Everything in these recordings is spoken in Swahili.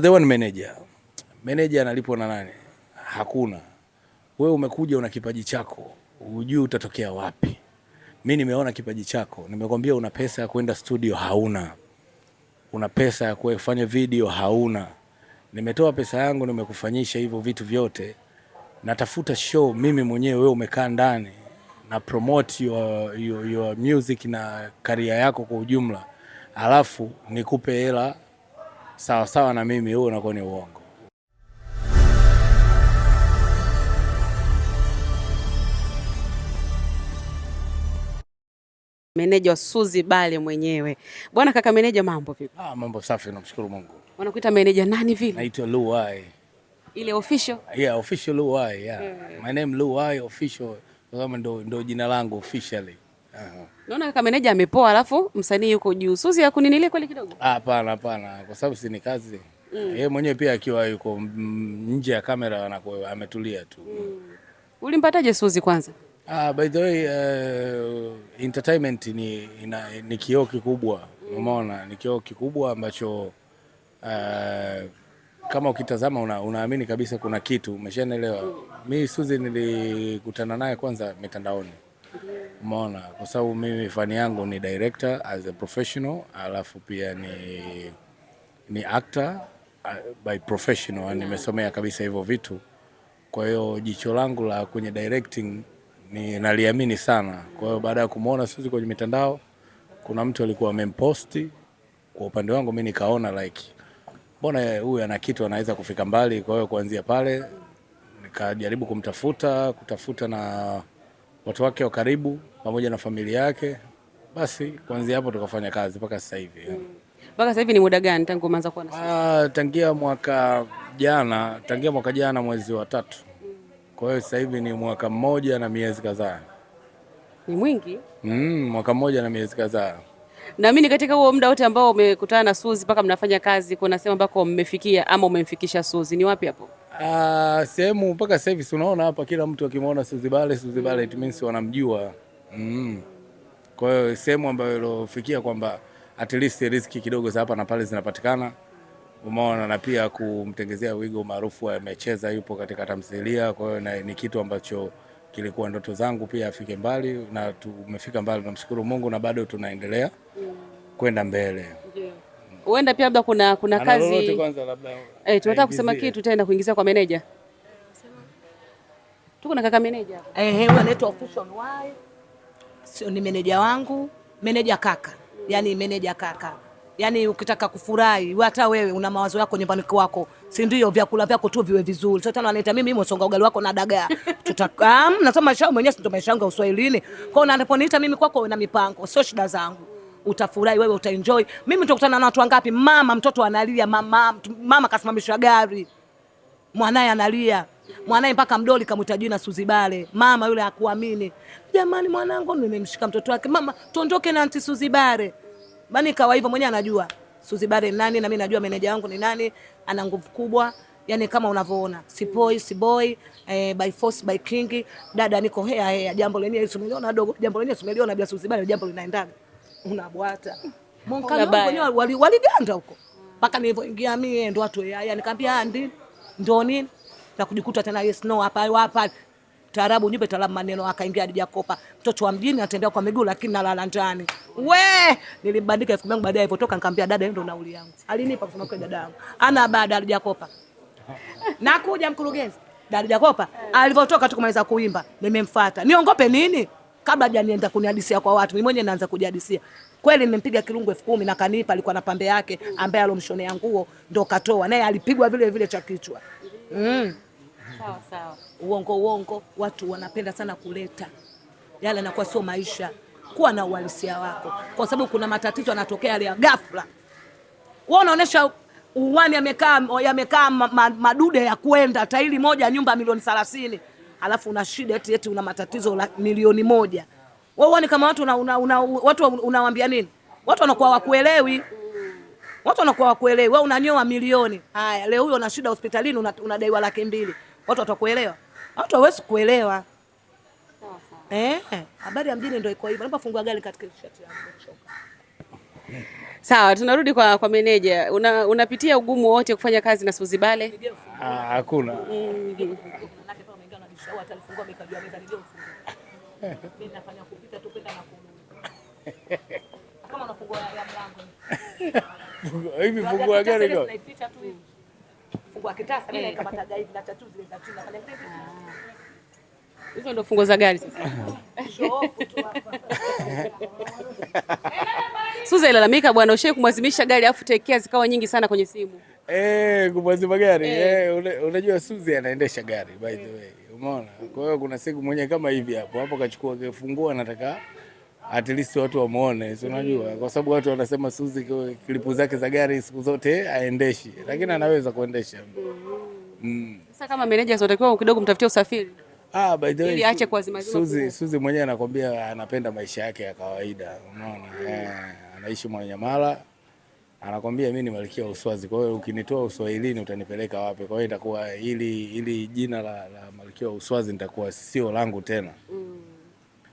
The one manager. Manager analipwa na nani? Hakuna. Wewe umekuja una kipaji chako, hujui utatokea wapi. Mimi nimeona kipaji chako, nimekwambia una pesa ya kwenda studio hauna, una pesa ya kufanya video hauna. Nimetoa pesa yangu, nimekufanyisha hivyo vitu vyote, natafuta show mimi mwenyewe, wewe umekaa ndani na promote your, your, your music na career yako kwa ujumla, alafu nikupe hela sawa sawa na mimi, huo unakuwa ni uongo. Meneja Suzi Bale mwenyewe. Bwana kaka meneja, mambo vipi? Ah, mambo safi, namshukuru Mungu. Wanakuita meneja nani vile? Naitwa Luai. Ile official? Yeah, official Luai, yeah. Mm. My name Luai official, kwa sababu ndo ndo jina langu officially. Naona kama meneja amepoa, alafu msanii yuko juu. Suzi akuninilie kweli kidogo? Hapana, hapana, kwa sababu si ni kazi mm. Yeye mwenyewe pia akiwa yuko nje ya kamera anakuwa ametulia tu mm. Ulimpataje Suzi kwanza? Ah, by the way uh, entertainment ni, ina, ni kioo kikubwa mm. Umeona ni kioo kikubwa ambacho uh, kama ukitazama una, unaamini kabisa kuna kitu umeshaelewa. Mimi mm. Suzi nilikutana naye kwanza mitandaoni Umeona, kwa sababu mimi fani yangu ni director as a professional, alafu pia ni, ni actor uh, by professional, nimesomea kabisa hivyo vitu. Kwa hiyo jicho langu la kwenye directing ni naliamini sana. Kwa hiyo baada ya kumwona sisi kwenye mitandao, kuna mtu alikuwa amemposti, kwa upande wangu mimi nikaona like mbona huyu ana kitu anaweza kufika mbali. Kwa hiyo kuanzia pale nikajaribu kumtafuta kutafuta na watu wake wa karibu pamoja na familia yake. Basi kuanzia hapo tukafanya kazi mpaka sasa hivi. Mpaka sasa hivi ni muda gani tangu umeanza kuwa na? Ah, tangia mwaka jana, tangia mwaka jana mwezi wa tatu. Kwa hiyo sasa hivi ni mwaka mmoja na miezi kadhaa. Ni mwingi? Mm, mwaka mmoja na miezi kadhaa. Naamini katika huo muda wote ambao umekutana na Suzi mpaka mnafanya kazi, kuna sehemu ambako mmefikia ama umemfikisha Suzi, ni wapi hapo? Uh, sehemu mpaka sasa hivi unaona hapa kila mtu akimwona Suzibale Suzibale, it means wanamjua mm. Kwa hiyo sehemu ambayo ilofikia kwamba at least riziki kidogo za hapa na pale zinapatikana, umeona, na pia kumtengezea wigo maarufu, amecheza yupo katika tamthilia. Kwa hiyo ni kitu ambacho kilikuwa ndoto zangu pia afike mbali, na tumefika mbali, namshukuru Mungu na bado tunaendelea mm. kwenda mbele. Huenda pia labda kuna kuna kazi eh, tunataka kusema kitu tena kuingiza kwa meneja. Tuko na kaka meneja hapa eh, eh, anaitwa official Y. sio ni meneja wangu, meneja kaka, yaani meneja kaka Yaani ukitaka kufurahi hata wewe una mawazo yako nyumbani kwako, si ndio? Vyakula vyako tu viwe vizuri. Sasa wananiita mimi msonga ugali wako na dagaa tutaka nasema maisha mwenyewe, si ndio maisha yangu ya uswahilini kwao, unaponiita mimi kwako na mipango, sio shida zangu utafurahi wewe, utaenjoy. Mimi nitakutana na watu wangapi? Mama mtoto analia, mama, mama kasimamishwa gari, mwanaye analia, mwanaye mpaka mdoli kamwita jina Suzibale. Mama yule hakuamini, jamani, mwanangu nimemshika mtoto wake. Mama tuondoke na anti Suzibale bani, kawa hivyo, mwenyewe anajua Suzibale ni nani, na mimi najua meneja wangu ni nani, ana nguvu kubwa Yani kama unavyoona sipoi siboi, eh, by force by king. Dada niko hea hea, jambo lenyewe sumeliona dogo, jambo lenyewe sumeliona bila Suzibale, jambo linaendaga unabwata mwenyewe waliganda huko mpaka nilivyoingia mie ndo watu yaya nikamwambia ah, ndi ndo nini na kujikuta tena yes no hapa hapa taarabu nyumba taarabu maneno, akaingia hadi Jakopa mtoto wa mjini anatembea kwa miguu, lakini nalala ndani. We, nilibandika elfu yangu baadaye, ilipotoka nikamwambia dada, ndo nauli yangu. Alinipa kusema kwa dada yangu ana baada Hadija Jakopa nakuja mkurugenzi. dada Jakopa alivyotoka tu kumaliza kuimba, nimemfuata niongope nini? kabla hajanienda kunihadisia kwa watu, mimi mwenyewe naanza kujihadisia. Kweli nimempiga kirungu elfu kumi na kanipa, alikuwa na pambe yake ambaye alomshonea nguo ndo katoa, naye alipigwa vile vile cha kichwa mm. Sawa sawa, uongo uongo, watu wanapenda sana kuleta yale, nakuwa sio maisha. Kuwa na uhalisia wako, kwa sababu kuna matatizo yanatokea ya ghafla. Wewe unaonesha uwani yamekaa yamekaa madude ya kwenda tairi moja nyumba milioni thelathini alafu una shida eti eti una matatizo la milioni moja. Wewe uone kama watu una, una, una, watu unawaambia nini? Watu wanakuwa wakuelewi. Watu wanakuwa wakuelewi. Wewe unanyoa milioni. Haya, leo huyo una shida hospitalini unadaiwa una laki mbili. Watu watakuelewa? Watu hawezi kuelewa. Eh, habari ya mjini ndio iko hivyo. Naomba fungua gari katika shati yangu. Sawa, tunarudi kwa kwa meneja. Una, unapitia ugumu wote kufanya kazi na Suzibale? Ah, Hakuna. Mm -hmm au atalifungua meza Mimi nafanya kupita tu kwenda na kurudi. Kama unafungua ya mlango. Hivi fungua gari Fungua kitasa mimi eh. gari na zile za ah. Hizo fungo za gari Suza ilalamika bwana, ushai kumwazimisha gari afu tekea zikawa nyingi sana kwenye simu. Eh, kumwazima gari. Eh. unajua Suzi anaendesha gari by the way umeona. Kwa hiyo kuna siku mwenye kama hivi hapo hapo kachukua kifungua, nataka at least watu wamuone, si unajua, kwa sababu watu wanasema Suzi klipu zake za gari siku zote aendeshi, lakini anaweza kuendesha mm. Sasa kama meneja unatakiwa kidogo mtafutie usafiri Ah, by the way, ili aache Suzi, Suzi mwenyewe anakwambia anapenda maisha yake ya kawaida unaona, mm. Eh, anaishi Mwananyamala anakwambia mimi ni malkia wa uswazi, kwa hiyo ukinitoa uswahilini utanipeleka wapi? Kwa hiyo itakuwa ili, ili jina la, la malkia wa uswazi nitakuwa sio langu tena. Mm.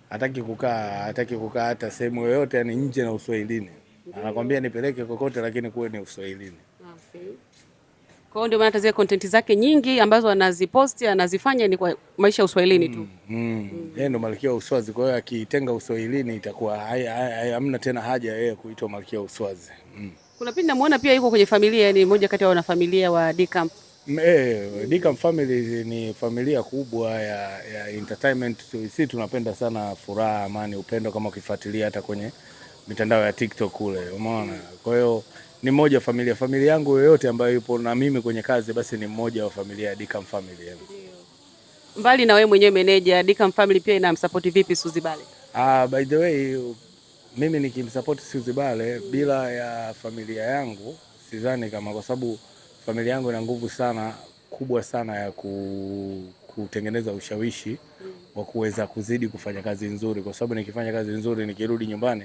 Hataki kukaa hataki kukaa hata sehemu yoyote, yani nje na uswahilini. Anakwambia nipeleke kokote, lakini kuwe ni uswahilini. Ah, kwa hiyo ndio maana tazia content zake nyingi ambazo anaziposti anazifanya ni kwa maisha ya uswahilini tu. Mm, mm. Mm. Yeye ndo malkia wa uswazi, kwa hiyo akitenga uswahilini itakuwa hamna tena haja yeye kuitwa malkia wa uswazi mm. Kuna pindi namuona pia yuko kwenye familia, ni mmoja kati ya wanafamilia wa Dcamp. Mm, eh, Dcamp family ni familia kubwa ya, ya entertainment. Sisi tunapenda sana furaha, amani, upendo kama ukifuatilia hata kwenye mitandao ya TikTok kule, umeona. Kwa hiyo ni mmoja familia familia yangu yoyote ambayo yupo na mimi kwenye kazi, basi ni mmoja wa familia ya Dcamp family. Mbali na wewe mwenyewe meneja, Dcamp family pia inamsupport vipi Suzi Bale? Ah, by the way mimi nikimsapoti Bale bila ya familia yangu sidhani kama, kwa sababu familia yangu ina nguvu sana kubwa sana ya ku, kutengeneza ushawishi wa kuweza kuzidi kufanya kazi nzuri, kwa sababu nikifanya kazi nzuri nikirudi nyumbani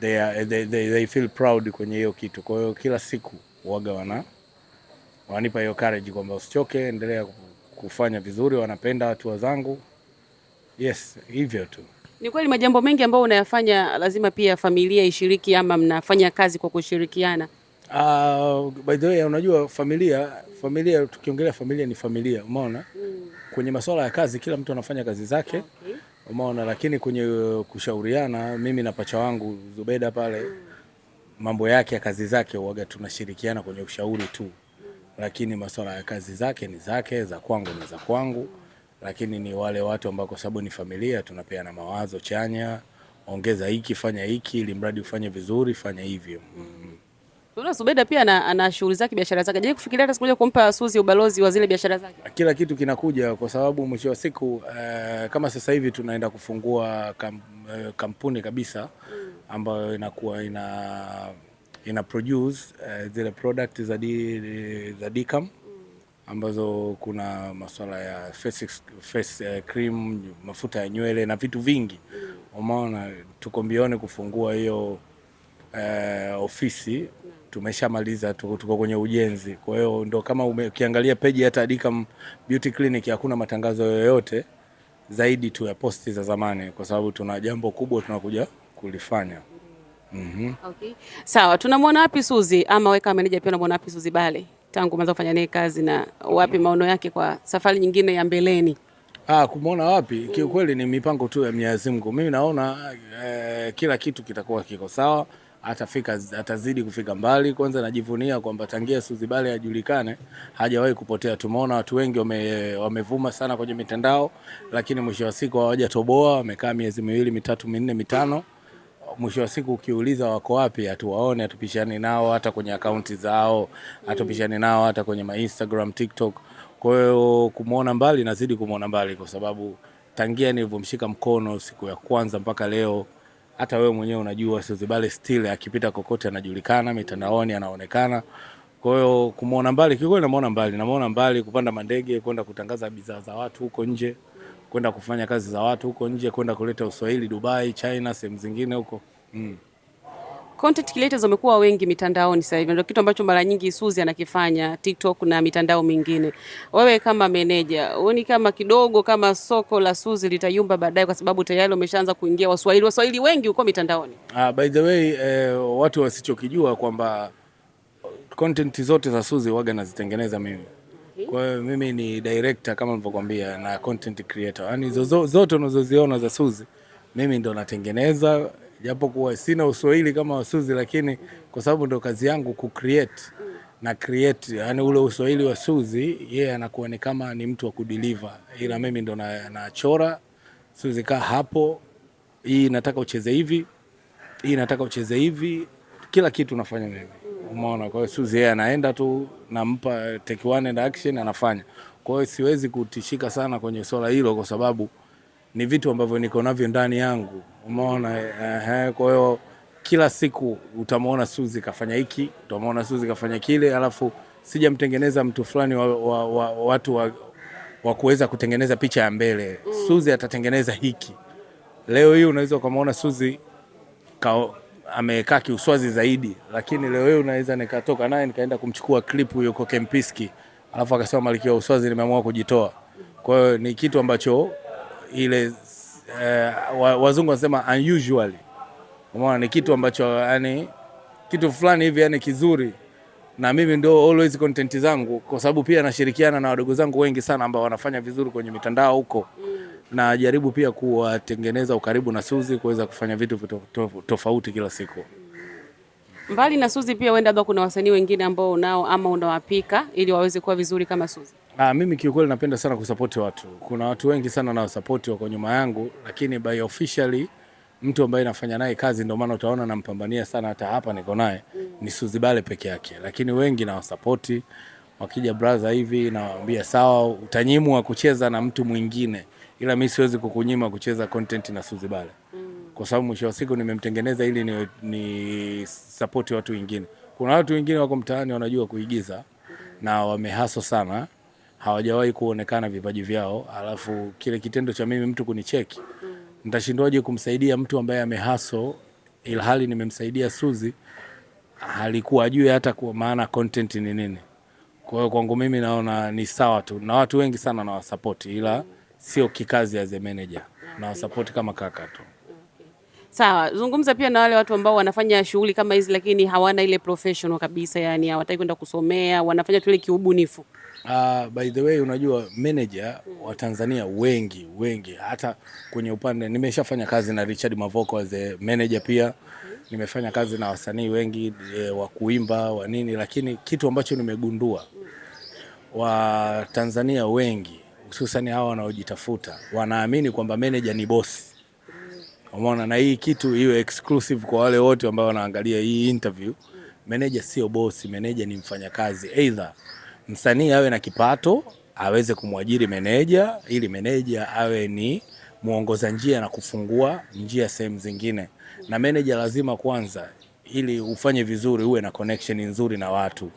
they, are, they, they, they feel proud kwenye hiyo kitu. Kwa hiyo kila siku waga wana wanipa hiyo courage kwamba usichoke, endelea kufanya vizuri, wanapenda hatua zangu. Yes, hivyo tu. Ni kweli majambo mengi ambayo unayafanya lazima pia familia ishiriki, ama mnafanya kazi kwa kushirikiana? Uh, by the way, unajua familia familia, tukiongelea familia ni familia, umeona mm. Kwenye masuala ya kazi kila mtu anafanya kazi zake okay. Umeona, lakini kwenye kushauriana, mimi na pacha wangu Zubeda pale mm. mambo yake ya kazi zake huaga tunashirikiana kwenye ushauri tu mm. lakini masuala ya kazi zake ni zake, za kwangu ni za kwangu mm lakini ni wale watu ambao kwa sababu ni familia tunapea na mawazo chanya, ongeza hiki, fanya hiki, ili mradi ufanye vizuri, fanya hivyo mm. Tuna Zubeda pia ana, ana shughuli zake biashara zake. Je, kufikiria hata siku moja kumpa Suzi ubalozi wa zile biashara zake? Kila kitu kinakuja kwa sababu mwisho wa siku uh, kama sasa hivi tunaenda kufungua kam, uh, kampuni kabisa mm. ambayo inakuwa ina ina produce uh, zile product za di, za Dicam ambazo kuna masuala ya face, face eh, cream, mafuta ya nywele na vitu vingi. Umeona, tuko mbioni kufungua hiyo uh, ofisi tumeshamaliza, tuko, tuko kwenye ujenzi. Kwa hiyo ndo kama ukiangalia peji hata Dicam Beauty Clinic hakuna matangazo yoyote zaidi tu ya posti za zamani, kwa sababu tuna jambo kubwa tunakuja kulifanya. mm -hmm. Okay. Sawa, tunamwona wapi Suzi ama weka meneja pia, unamwona wapi Suzi Bale? tangu umeanza kufanya naye kazi na wapi maono yake kwa safari nyingine ya mbeleni? Ah, kumwona wapi? Kiukweli ni mipango tu ya Mwenyezi Mungu. Mimi naona eh, kila kitu kitakuwa kiko sawa, atafika atazidi kufika mbali. Kwanza najivunia kwamba tangia Suzibale ajulikane hajawahi kupotea. Tumeona watu wengi wame, wamevuma sana kwenye mitandao, lakini mwisho wa siku hawajatoboa, wamekaa miezi miwili mitatu minne mitano mwisho wa siku ukiuliza wako wapi, hatuwaone, hatupishani nao hata kwenye akaunti zao, hatupishani nao hata kwenye ma Instagram, TikTok. Kwa hiyo kumwona mbali, nazidi kumwona mbali kwa sababu tangia nilivyomshika mkono siku ya kwanza mpaka leo, hata wewe mwenyewe unajua Sozibale still akipita kokote anajulikana mitandaoni, anaonekana. Kwa hiyo kumwona mbali, kiukweli namwona mbali, namwona mbali kupanda mandege kwenda kutangaza bidhaa za watu huko nje kwenda kufanya kazi za watu huko nje, kwenda kuleta uswahili Dubai, China, sehemu zingine huko mm. Content creators wamekuwa wengi mitandaoni sasa hivi, ndio kitu ambacho mara nyingi Suzi anakifanya TikTok na mitandao mingine. Wewe kama meneja, uoni kama kidogo kama soko la Suzi litayumba baadaye, kwa sababu tayari umeshaanza kuingia waswahili waswahili wengi huko mitandaoni? Ah, by the way eh, watu wasichokijua kwamba content zote za Suzi waga nazitengeneza mimi kwa hiyo mimi ni director kama nilivyokuambia na content creator, yaani zote unazoziona za Suzi mimi ndo natengeneza, japo kuwa sina uswahili kama wasuzi, lakini kwa sababu ndo kazi yangu ku create na create, yani ule uswahili wa Suzi yeye yeah, anakuwa ni kama ni mtu wa kudeliver, ila mimi ndo nachora na Suzi, kaa hapo, hii nataka ucheze hivi, hii nataka ucheze hivi, kila kitu nafanya mimi. Umeona, kwa hiyo Suzy yeye anaenda tu, nampa eh, take one and action, anafanya. Kwa hiyo siwezi kutishika sana kwenye swala hilo, kwa sababu ni vitu ambavyo niko navyo ndani yangu, umeona eh. Kwa hiyo kila siku utamwona Suzi kafanya hiki, utamwona Suzi kafanya kile, alafu sijamtengeneza mtu fulani wa, wa, wa, watu wa, wa kuweza kutengeneza picha ya mbele mm. Suzi atatengeneza hiki leo hii, unaweza ukamwona Suzi ka, amekaa kiuswazi zaidi, lakini leo hii unaweza nikatoka naye nikaenda kumchukua klipu yuko Kempiski, alafu akasema malikio uswazi nimeamua kujitoa. Kwa hiyo ni kitu ambacho ile uh, wazungu wanasema unusual, umeona, ni kitu ambacho yani kitu fulani hivi yani kizuri na mimi ndo always content zangu, kwa sababu pia nashirikiana na wadogo zangu wengi sana ambao wanafanya vizuri kwenye mitandao huko mm najaribu pia kuwatengeneza ukaribu na Suzi kuweza kufanya vitu to, to, tofauti kila siku. Mbali na Suzi pia wenda labda kuna wasanii wengine ambao unao ama unawapika ili waweze kuwa vizuri kama Suzi? Ah, mimi kiukweli napenda sana kusapoti watu. Kuna watu wengi sana nawasapoti wako nyuma yangu, lakini by officially mtu ambaye nafanya naye kazi, ndio maana utaona nampambania sana, hata hapa niko naye ni Suzi Bale peke yake, lakini wengi nawasapoti. Wakija brother hivi nawaambia sawa, utanyimwa kucheza na mtu mwingine ila mi siwezi kukunyima kucheza content na Suzi Bale mm. kwa sababu mwisho wa siku nimemtengeneza ili ni, ni support watu wengine. Kuna watu wengine wako mtaani wanajua kuigiza na wamehaso sana, hawajawahi kuonekana vipaji vyao, alafu kile kitendo cha mimi mtu kunicheki mm. nitashindwaje kumsaidia mtu ambaye amehaso ilhali nimemsaidia Suzi halikuwa ajue hata kwa maana content ni nini. Kwa hiyo kwangu mimi naona ni sawa tu, na watu wengi sana na wasapoti ila mm sio kikazi as a manager na support kama kaka tu. Sawa, zungumza pia na wale watu ambao wanafanya shughuli kama hizi lakini hawana ile professional kabisa, yani hawataki kwenda kusomea, wanafanya tu ile kiubunifu. Uh, by the way unajua manager wa Tanzania wengi wengi, hata kwenye upande nimeshafanya kazi na Richard Mavoko as a manager pia nimefanya kazi na wasanii wengi e, wa kuimba wa nini, lakini kitu ambacho nimegundua wa Tanzania wengi hususani hawa wanaojitafuta wanaamini kwamba meneja ni bosi. Umeona, na hii kitu iwe exclusive kwa wale wote ambao wanaangalia hii interview. Meneja sio bosi, meneja ni mfanyakazi. Either msanii awe na kipato aweze kumwajiri meneja ili meneja awe ni mwongoza njia na kufungua njia sehemu zingine, na meneja lazima kwanza ili ufanye vizuri uwe na connection nzuri na watu,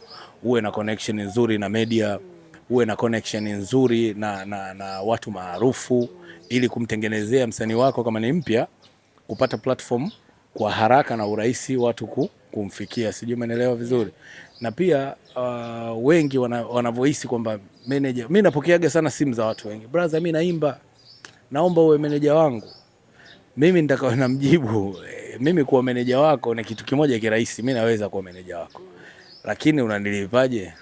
uwe na connection nzuri na media uwe na connection nzuri na, na, na watu maarufu ili kumtengenezea msanii wako kama ni mpya kupata platform kwa haraka na urahisi watu ku, kumfikia. Sijui umeelewa vizuri. Na pia uh, wengi wanavyohisi kwamba manager, mimi napokeaga sana simu za watu wengi, brother, mimi naimba, naomba uwe manager wangu. Mimi nitakawa namjibu eh, mimi kuwa meneja wako ni kitu kimoja kirahisi, mimi naweza kuwa meneja wako, lakini unanilipaje?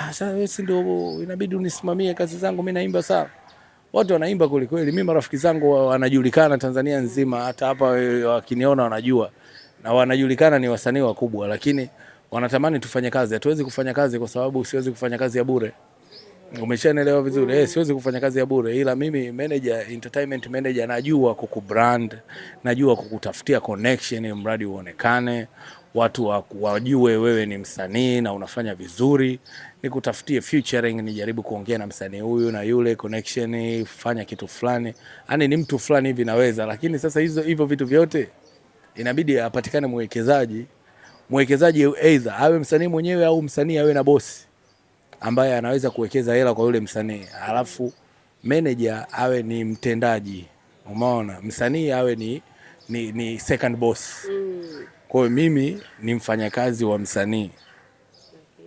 Ah, sasa wewe si ndio inabidi unisimamie kazi zangu, mimi naimba sawa. Watu wanaimba kweli kweli. Mimi marafiki zangu wanajulikana Tanzania nzima, hata hapa eh, wakiniona wanajua. Na wanajulikana ni wasanii wakubwa, lakini wanatamani tufanye kazi. Hatuwezi kufanya kazi kwa sababu siwezi kufanya kazi ya bure. Umeshaelewa vizuri? Mm. Eh, siwezi kufanya kazi ya bure ila mimi manager, entertainment manager najua kukubrand, najua kukutafutia connection mradi uonekane, watu wajue wewe ni msanii na unafanya vizuri nikutafutie featuring, nijaribu kuongea na msanii huyu na yule, connection, fanya kitu fulani, yani ni mtu fulani hivi naweza. Lakini sasa hizo hivyo vitu vyote inabidi apatikane mwekezaji. Mwekezaji either awe msanii mwenyewe au msanii awe na bosi ambaye anaweza kuwekeza hela kwa yule msanii, alafu manager awe ni mtendaji, umeona, msanii awe ni, ni, ni second boss. Mm. Kwa hiyo mimi ni mfanyakazi wa msanii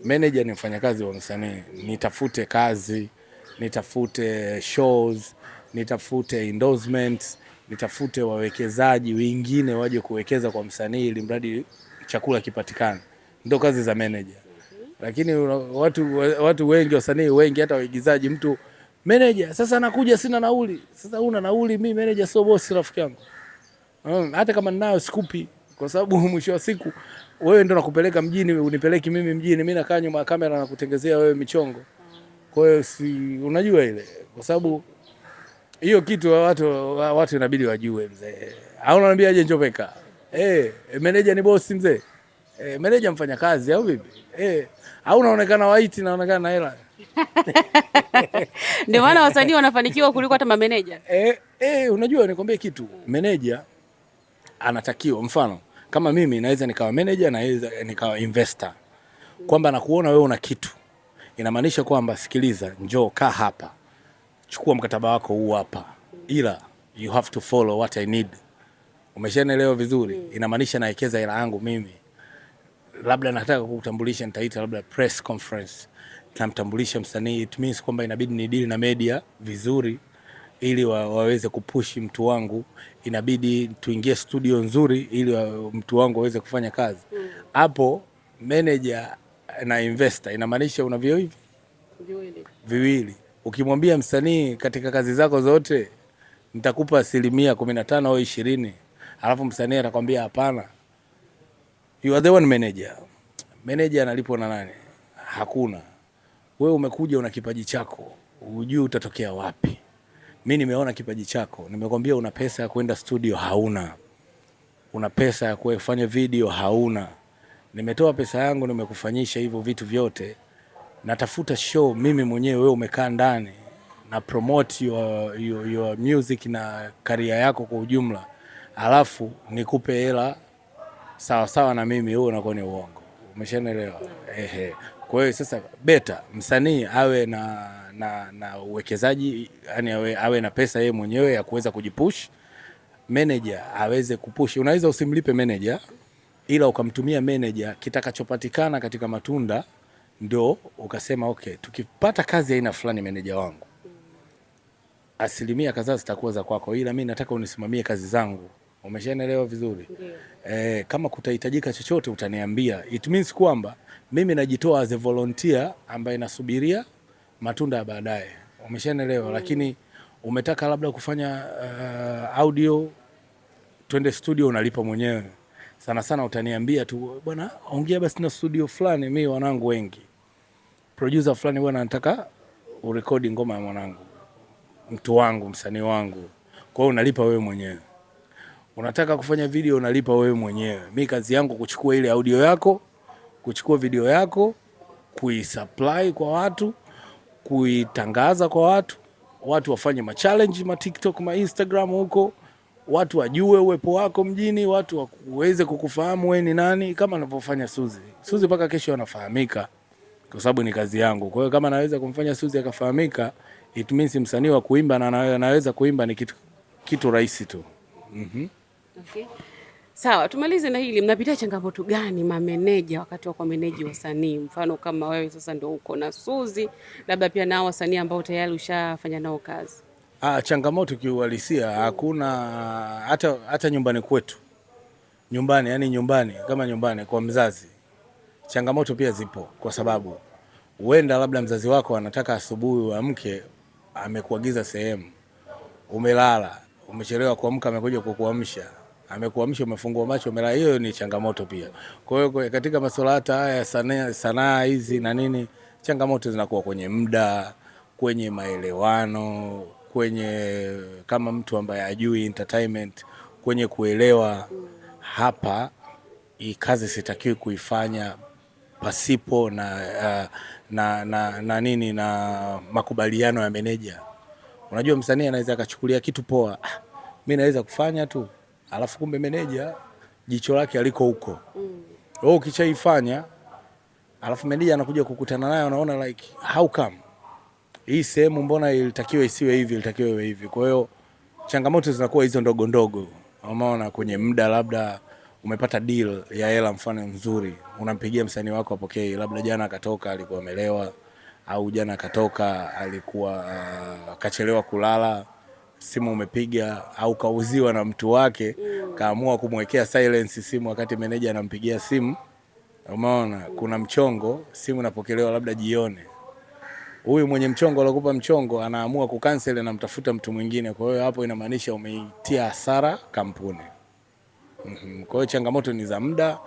manager ni mfanyakazi wa msanii, nitafute kazi, nitafute shows, nitafute endorsements, nitafute wawekezaji wengine waje kuwekeza kwa msanii ili mradi chakula kipatikane. Ndio kazi za manager. Lakini watu, watu wengi wasanii wengi hata waigizaji, mtu manager sasa anakuja, sina nauli. Sasa una nauli, mimi manager sio bosi, rafiki yangu. Hmm, hata kama ninayo sikupi kwa sababu mwisho wa siku wewe ndo nakupeleka mjini, unipeleki mimi mjini, mimi nakaa nyuma ya kamera na kutengezea wewe michongo. Kwa hiyo si unajua ile, kwa sababu hiyo kitu watu watu inabidi wajue mzee. Au unaniambiaje Njomeka? Eh, meneja ni bosi mzee. Eh, meneja mfanya kazi au vipi? Eh, au unaonekana waiti naonekana na hela. Ndio maana wasanii wanafanikiwa kuliko hata mameneja. Eh, eh, unajua nikwambie kitu. Meneja anatakiwa mfano kama mimi naweza nikawa manager, naweza nikawa investor, kwamba nakuona wewe una kitu, inamaanisha kwamba sikiliza, njoo kaa hapa, chukua mkataba wako huu hapa, ila you have to follow what I need. Umeshaelewa vizuri? Mm. Inamaanisha naekeza hela yangu mimi, labda nataka kukutambulisha, nitaita labda press conference, namtambulisha msanii, it means kwamba inabidi ni deal na media vizuri ili wa, waweze kupushi mtu wangu, inabidi tuingie studio nzuri ili wa, mtu wangu aweze kufanya kazi hmm. hapo. Mm. Manager na investor inamaanisha una vio hivi viwili viwili. Ukimwambia msanii katika kazi zako zote nitakupa asilimia kumi na tano au ishirini, alafu msanii atakwambia hapana, you are the one manager. Manager analipwa na nani? Hakuna. Wewe umekuja una kipaji chako, hujui utatokea wapi mi nimeona kipaji chako, nimekwambia una pesa ya kwenda studio hauna, una pesa ya kufanya video hauna, nimetoa pesa yangu nimekufanyisha hivyo vitu vyote, natafuta show mimi mwenyewe, wewe umekaa ndani na promote your, your, your music na karia yako kwa ujumla, alafu nikupe hela sawasawa na mimi, huo unakuwa ni uongo. Umeshanielewa? Ehe. Kwa hiyo sasa beta msanii awe na na, na uwekezaji yani awe, awe na pesa yeye mwenyewe ya kuweza kujipush. Manager aweze kupush. Unaweza usimlipe manager, ila ukamtumia manager, kitakachopatikana katika matunda ndo ukasema okay, tukipata kazi aina fulani manager wangu, asilimia kadhaa zitakuwa za kwako, ila mi nataka unisimamie kazi zangu. Umeshaelewa vizuri? E, kama kutahitajika chochote utaniambia. It means kwamba mimi najitoa as a volunteer ambaye nasubiria matunda ya baadaye, umeshanielewa mm. Lakini umetaka labda kufanya uh, audio, twende studio, unalipa mwenyewe sana sana, utaniambia tu bwana, ongea basi na studio fulani. Mi wanangu wengi, producer fulani, bwana, nataka urekodi ngoma ya mwanangu, mtu wangu, msanii wangu. Kwa hiyo unalipa wewe mwenyewe. Unataka kufanya video, unalipa wewe mwenyewe. Mi kazi yangu kuchukua ile audio yako kuchukua video yako kuisupply kwa watu, kuitangaza kwa watu, watu wafanye machallenji ma TikTok, ma Instagram huko, watu wajue uwepo wako mjini, watu waweze kukufahamu wewe ni nani, kama anavyofanya Suzi. Suzi mpaka kesho anafahamika kwa sababu ni kazi yangu. Kwa hiyo kama naweza kumfanya Suzi akafahamika, it means msanii wa kuimba na anaweza kuimba ni kitu, kitu rahisi tu. mm -hmm. okay. Sawa, tumalize na hili. Mnapitia changamoto gani mameneja wakati wa kumeneji wasanii? Mfano kama wewe sasa ndio uko na Suzi, labda pia nao wasanii ambao tayari ushafanya nao kazi. Ah, changamoto kiuhalisia hakuna hata hata nyumbani kwetu. Nyumbani, yani nyumbani kama nyumbani kwa mzazi. Changamoto pia zipo kwa sababu huenda labda mzazi wako anataka asubuhi uamke, amekuagiza sehemu. Umelala, umechelewa kuamka, amekuja kukuamsha amekuamsha umefungua macho mera, hiyo ni changamoto pia. Kwa hiyo katika masuala hata haya sanaa sanaa hizi na nini, changamoto zinakuwa kwenye muda, kwenye maelewano, kwenye kama mtu ambaye ajui entertainment, kwenye kuelewa hapa hii kazi sitakiwi kuifanya pasipo na, eh, na, na, na nini na makubaliano ya meneja. Unajua, msanii anaweza akachukulia kitu poa, ah, mi naweza kufanya tu alafu kumbe meneja jicho lake aliko huko mm. wewe ukishaifanya alafu meneja anakuja kukutana naye, anaona like how come hii sehemu mbona ilitakiwa isiwe hivi, ilitakiwa iwe hivi. Kwa hiyo changamoto zinakuwa hizo ndogo ndogo, umeona. Kwenye muda labda umepata deal ya hela mfano nzuri, unampigia msanii wako apokee, okay. labda jana akatoka alikuwa amelewa, au jana akatoka alikuwa uh, kachelewa kulala simu umepiga au kauziwa na mtu wake mm. kaamua kumwekea silence simu wakati meneja anampigia simu, umeona mm. kuna mchongo, simu inapokelewa labda jioni, huyu mwenye mchongo alokupa mchongo anaamua kukansel, na mtafuta mtu mwingine. Kwa hiyo hapo inamaanisha umeitia hasara kampuni. mm-hmm. Kwa hiyo changamoto ni za muda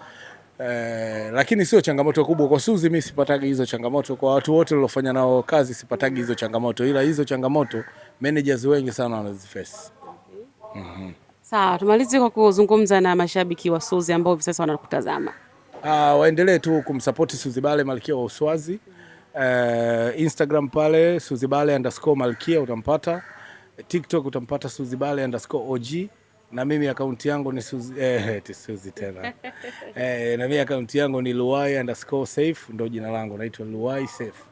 eh, lakini sio changamoto kubwa kwa Suzi. Mimi sipatagi hizo changamoto kwa watu wote waliofanya nao kazi, sipatagi hizo changamoto, ila hizo changamoto managers wengi sana wanazifesi. mm -hmm. Sawa, tumalize kwa kuzungumza na mashabiki wa Suzi ambao hivi sasa wanakutazama. Uh, waendelee tu kumsapoti Suzi Bale Malkia wa Uswazi. Uh, Instagram pale Suzi Bale underscore Malkia utampata, TikTok utampata Suzi Bale underscore OG na mimi akaunti yangu ni Suzi, eh, Suzi tena eh, na mimi akaunti yangu ni Luai underscore safe, ndio jina langu naitwa Luai safe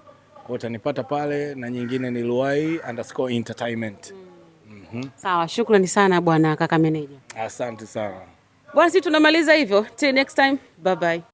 kwa utanipata pale na nyingine ni Luai underscore entertainment. Mm. Mm -hmm. Sawa, shukrani sana bwana kaka meneja. Asante sana. Bwana, sisi tunamaliza hivyo. Till next time. Bye bye.